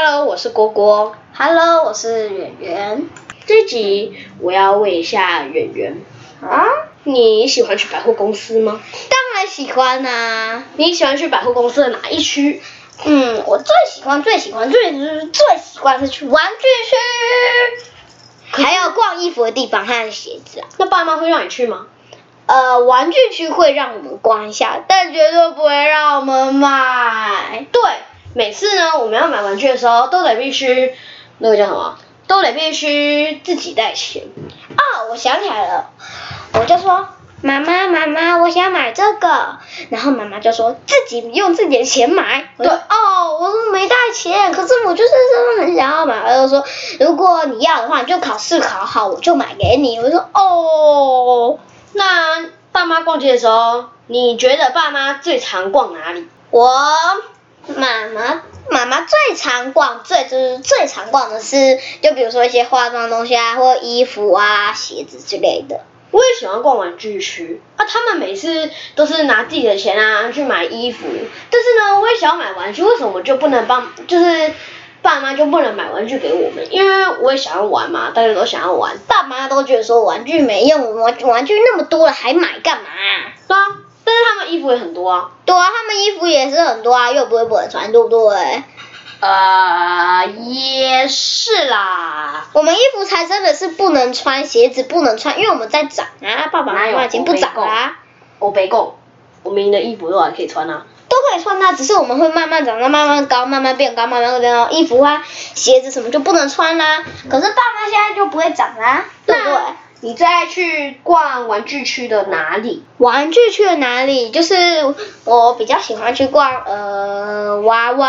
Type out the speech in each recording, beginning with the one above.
哈嘍，Hello, 我是蟈蟈。哈嘍，我是圓圓。這一集我要問一下圓圓啊，你喜歡去百貨公司嗎？當然喜歡啦，啊。你喜歡去百貨公司的哪一區？嗯，我最喜歡最喜歡最最喜歡是去玩具區，還要逛衣服的地方還有鞋子，啊。那爸媽會讓你去嗎？呃，玩具區會讓我們逛一下，但絕對不會讓我們買。對。每次呢，我們要買玩具的時候，都得必須，那個叫什麼？都得必須自己帶錢。哦，我想起來了，我就說媽媽，媽媽，我想買這個。然後媽媽就說自己用自己的錢買。對我。哦，我說沒帶錢，可是我就是真的很想要買。我就說如果你要的話，你就考試考好，我就買給你。我說哦，那爸媽逛街的時候，你覺得爸媽最常逛哪裡？我。媽媽，媽媽最常逛，最就是最常逛的是，就比如說一些化妝東西啊，或者衣服啊、鞋子之類的。我也喜歡逛玩具區啊，他們每次都是拿自己的錢啊去買衣服，但是呢，我也想要買玩具，為什麼就不能幫？就是爸媽就不能買玩具給我們？因為我也想要玩嘛，大家都想要玩，爸媽都覺得說玩具沒用，玩具玩具那麼多了，還買幹嘛？是吧。但是他們衣服也很多啊，對啊，他們衣服也是很多啊，又不會不能穿，對不對？呃，也是啦。我們衣服才真的是不能穿，鞋子不能穿，因為我們在長啊，爸爸媽媽已經不長啦、啊。我白講，我們的衣服都還可以穿啊？都可以穿啊，只是我們會慢慢長，慢慢高，慢慢變高，慢慢變高，衣服啊、鞋子什麼就不能穿啦、啊。可是爸媽現在就不會長啦、啊，嗯、對不對？你最愛去逛玩具區的哪裡？玩具區的哪裡？就是我比較喜歡去逛呃娃娃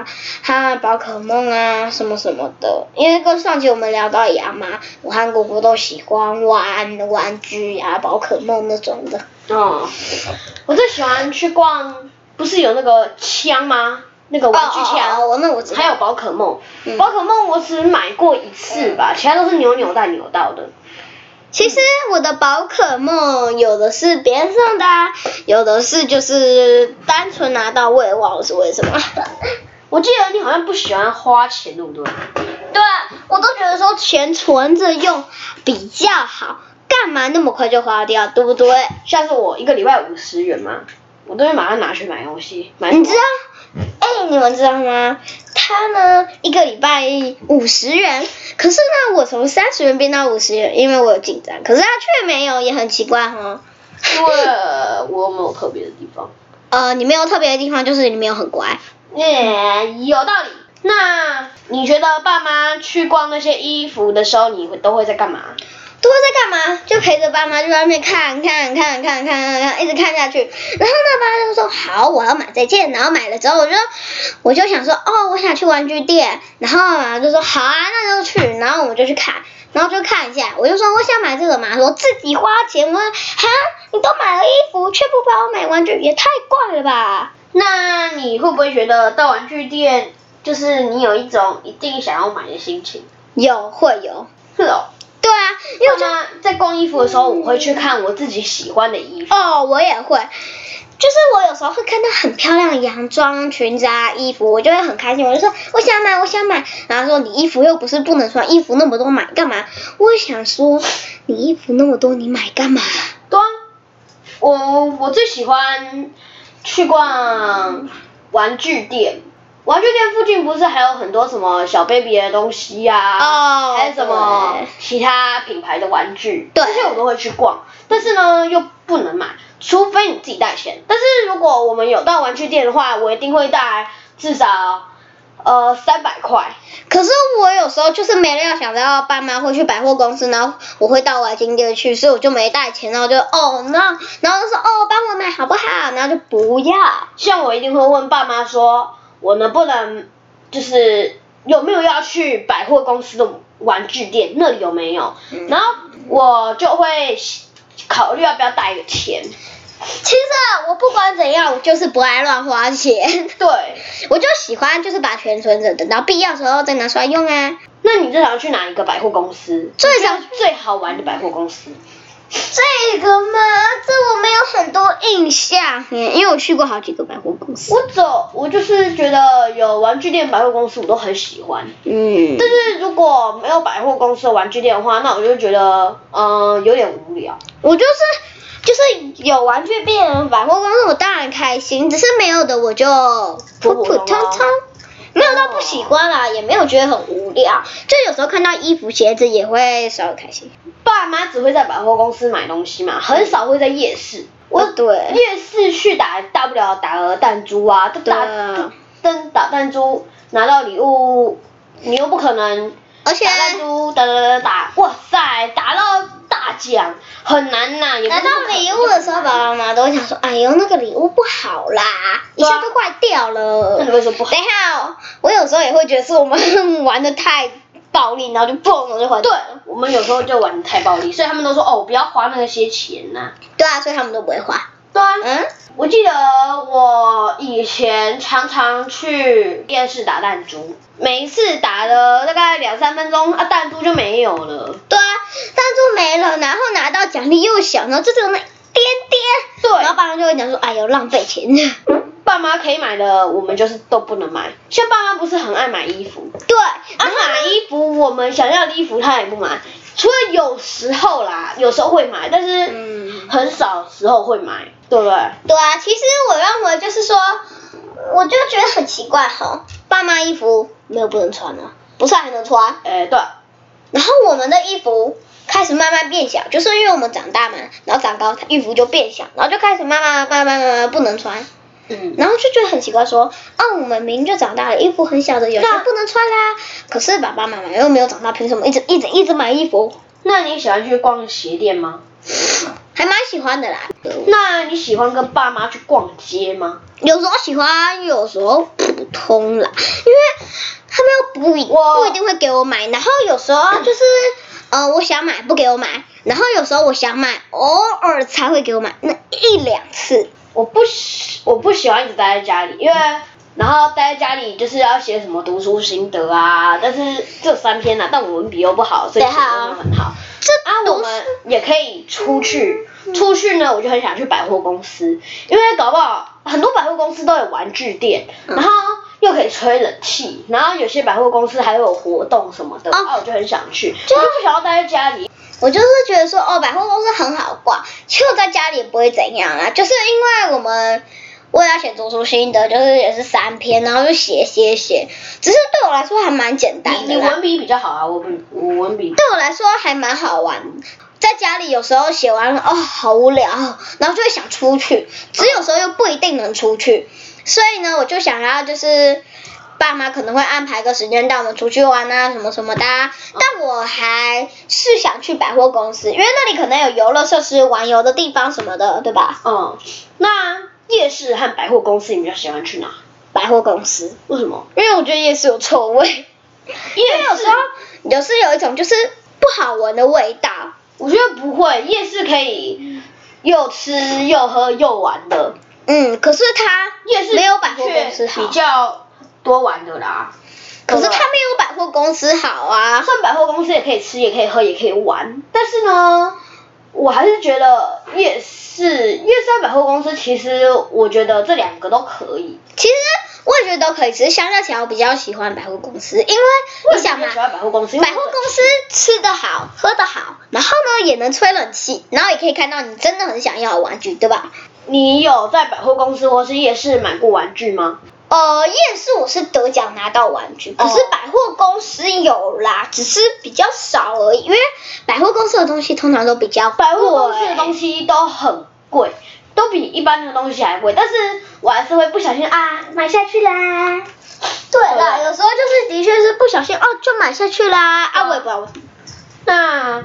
啊，還有寶可夢啊什麼什麼的。因為跟上集我們聊到一樣嘛，我和姑姑都喜歡玩玩具呀、啊，寶可夢那種的。哦，我最喜歡去逛，不是有那個槍嗎？那個玩具槍，我、哦哦哦哦、那我還有寶可夢，寶、嗯、可夢我只買過一次吧，嗯、其他都是扭扭蛋扭到的。其實我的寶可夢有的是別人送的啊，有的是就是單純拿到，我也忘了是為什麼。 我記得你好像不喜歡花錢，對不對？對，我都覺得說錢存着用比較好，幹嘛那麼快就花掉，對不對？下次 我一個禮拜五十元嘛，我都會馬上拿去買東西。買，你知道？哎，你們知道嗎？他呢，一個禮拜五十元。可是呢，我從三十元變到五十元，因為我有緊張。可是他、啊、卻沒有，也很奇怪哈。對，我有沒有特別的地方。呃，你沒有特別的地方，就是你沒有很乖。耶、嗯，有道理。那你覺得爸媽去逛那些衣服的時候，你會都會在幹嘛？幹嘛，就陪着爸媽去外面看看看看看看看，一直看下去。然後呢，爸媽就說：“好，我要買這件。”然後買了之後，我就我就想說：“哦，我想去玩具店。”然後媽媽就說：“好啊，那就去。”然後我們就去看，然後就看一下。我就說：“我想買這個。”媽媽說：“自己花錢嗎？”我說：哈，你都買了衣服，卻不幫我買玩具，也太怪了吧？那你會不會覺得到玩具店就是你有一種一定想要買的心情？有，會有。是哦。對啊，因為我媽媽在逛衣服的時候，我會去看我自己喜歡的衣服，嗯。哦，我也會，就是我有時候會看到很漂亮的洋裝、裙子啊、衣服，我就會很開心。我就說我想買，我想買。然後說你衣服又不是不能穿，衣服那麼多買幹嘛？我想說你衣服那麼多，你買幹嘛？對啊，我我最喜歡去逛玩具店。玩具店附近不是還有很多什麼小 baby 的東西呀，啊，oh, 還有什麼其他品牌的玩具，這些對我都會去逛，但是呢又不能買，除非你自己帶錢。但是如果我們有到玩具店的話，我一定會帶至少呃三百塊，塊可是我有時候就是沒料想到爸媽會去百貨公司，然後我會到玩具店去，所以我就沒帶錢，然後就哦，然，oh, no, 然後就說哦幫、oh, 我買好不好，然後就不要。像我一定會問爸媽說，我能不能就是有沒有要去百貨公司的玩具店，那裡有沒有？然後我就會考慮要不要帶一個錢。其實我不管怎樣，我就是不愛亂花錢。對，我就喜歡就是把錢存着，等到必要的時候再拿出來用啊。那你最想去哪一個百貨公司？最想少最好玩的百貨公司。這個嘛，這我沒有很多印象，因為我去過好幾個百貨公司。我走，我就是覺得有玩具店百貨公司，我都很喜歡。嗯。但是如果沒有百貨公司的玩具店的話，那我就覺得嗯、呃、有點無聊。我就是就是有玩具店百貨公司，我當然開心。只是沒有的，我就普普通通。普普通通。沒有到不喜歡啦，oh. 也沒有覺得很無聊，就有時候看到衣服鞋子也會稍微開心。爸媽只會在百貨公司買東西嘛，很少會在夜市。嗯、我對夜市去打，大不了打個彈珠啊，打對燈打彈珠拿到禮物，你又不可能。而且 Okay.，彈珠打打打打，哇塞，打到。講很難吶。不不拿到禮物的時候，爸爸媽媽都會想說，哎呦，那個禮物不好啦，啊、一下都壞掉了。那你會說不好？等一下、哦，我有時候也會覺得是我們呵呵玩得太暴力，然後就嘣，我就壞。對，我們有時候就玩得太暴力，所以他們都說，哦，不要花那些錢吶、啊。對啊，所以他們都不會花。對啊。嗯。我記得我以前常常去電視打彈珠，每一次打了大概兩三分鐘，啊，彈珠就沒有了。對啊。贊助沒了，然後拿到獎勵又小，然後就只有那一點點。對。然後爸媽就會講說：“哎呦，浪費錢、啊。”爸媽可以買的，我們就是都不能買。像爸媽不是很愛買衣服。對。買、啊、衣服，嗯、我們想要的衣服他也不買，除了有時候啦，有時候會買，但是很少時候會買，對不對？對啊，其實我認為就是說，我就覺得很奇怪哈、哦，爸媽衣服沒有不能穿的、啊，不算還能穿？哎，對。然後我們的衣服開始慢慢變小，就是因為我們長大嘛，然後長高，他衣服就變小，然後就開始慢慢慢慢慢慢不能穿。嗯。然後就覺得很奇怪，說，啊，我們明明就長大了，衣服很小的，有時候不能穿啦、啊。那可是爸爸媽媽又沒有長大，憑什麼一直一直一直買衣服？那你喜歡去逛鞋店嗎？還蠻喜歡的啦。那你喜歡跟爸媽去逛街嗎？有時候喜歡，有時候普通啦，因為。他們又不不一定會給我買，我然後有時候就是、嗯、呃我想買不給我買，然後有時候我想買，偶爾才會給我買那一兩次。我不喜我不喜歡一直待在家裡，因為，然後待在家裡就是要寫什麼讀書心得啊，但是這三篇了、啊，但我文筆又不好，所以寫得不是很好。這啊我們也可以出去，嗯嗯、出去呢我就很想去百貨公司，因為搞不好很多百貨公司都有玩具店，嗯、然後。又可以吹冷氣，然後有些百貨公司還會有活動什麼的，哦、啊，我就很想去，就是不想要待在家裡。我就是覺得說，哦，百貨公司很好逛，其實我在家裡也不會怎樣啊，就是因為我們為了寫讀書心得，就是也是三篇，然後就寫寫寫，只是對我來說還蠻簡單的你。你文筆比較好啊，我文我文筆。對我來說還蠻好玩，在家裡有時候寫完，哦，好無聊，然後就會想出去，只有時候又不一定能出去。嗯。所以呢，我就想要就是爸媽可能會安排個時間帶我們出去玩啊，什麼什麼的啊。嗯，但我還是想去百貨公司，因為那裡可能有遊樂設施、玩遊的地方什麼的，對吧？嗯。那夜市和百貨公司，你比較喜歡去哪？百貨公司。為什麼？因為我覺得夜市有臭味，因為有時候有是有一種就是不好聞的味道。我覺得不會，夜市可以又吃又喝又玩的。嗯，可是它。夜市沒有百貨公司好，比較多玩的啦。可是它沒有百貨公司好啊。算百貨公司也可以吃，也可以喝，也可以玩。但是呢，我還是覺得夜市，夜市和百貨公司，其實我覺得這兩個都可以。其實我也覺得都可以，只是相較起來，我比較喜歡百貨公司，因為你想嘛，百貨公司，百貨公司吃的好，喝的好，然後呢也能吹冷氣，然後也可以看到你真的很想要的玩具，對吧？你有在百貨公司或是夜市買過玩具嗎？呃，夜市，yes, 我是得獎拿到玩具，可是百貨公司有啦，oh. 只是比較少而已。因為百貨公司的東西通常都比較貴，百貨公司的東西都很貴，都比一般的東西還貴。但是我還是會不小心啊買下去啦。Oh. 對啦，有時候就是的確是不小心哦就買下去啦、oh. 啊，我也不知道。那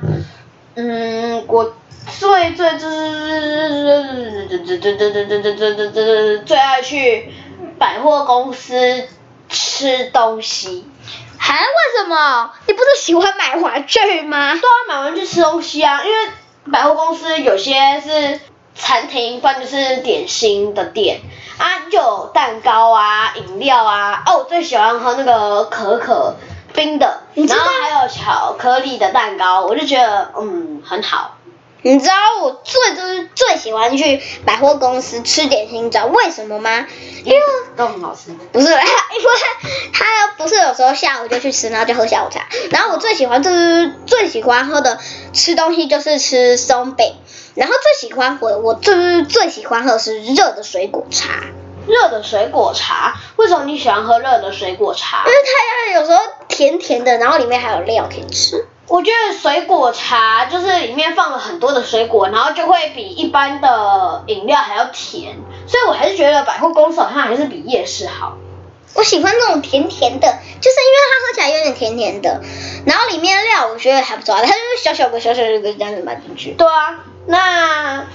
嗯，我。最最最最最最最最最最最最最最最最愛去百貨公司吃東西，還為什麼？你不是喜歡買玩具嗎？都要買玩具吃東西啊，因為百貨公司有些是餐廳，不然就是點心的店啊，就有蛋糕啊、飲料啊。哦，我最喜歡喝那個可可冰的，然後還有巧克力的蛋糕，我就覺得嗯很好。你知道我最就是最喜歡去百貨公司吃點心，你知道為什麼嗎？因為都很好吃。不是，因為他不是有時候下午就去吃，然後就喝下午茶。然後我最喜歡就是最喜歡喝的吃東西就是吃鬆餅，然後最喜歡我我就是最喜歡喝的是熱的水果茶。熱的水果茶？為什麼你喜歡喝熱的水果茶？因為它有時候甜甜的，然後裡面還有料可以吃。我覺得水果茶就是裡面放了很多的水果，然後就會比一般的飲料還要甜，所以我還是覺得百貨公司好像還是比夜市好。我喜歡那種甜甜的，就是因為它喝起來有點甜甜的，然後裡面的料我覺得還不錯，它就是小小的小小的這樣子買進去。對啊，那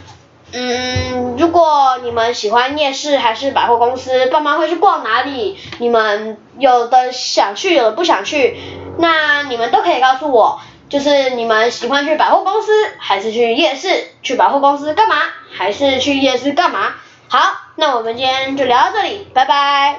嗯，如果你們喜歡夜市還是百貨公司，爸媽會去逛哪裡？你們有的想去，有的不想去。那你們都可以告訴我，就是你們喜歡去百貨公司還是去夜市？去百貨公司幹嘛？還是去夜市幹嘛？好，那我們今天就聊到這裡，拜拜。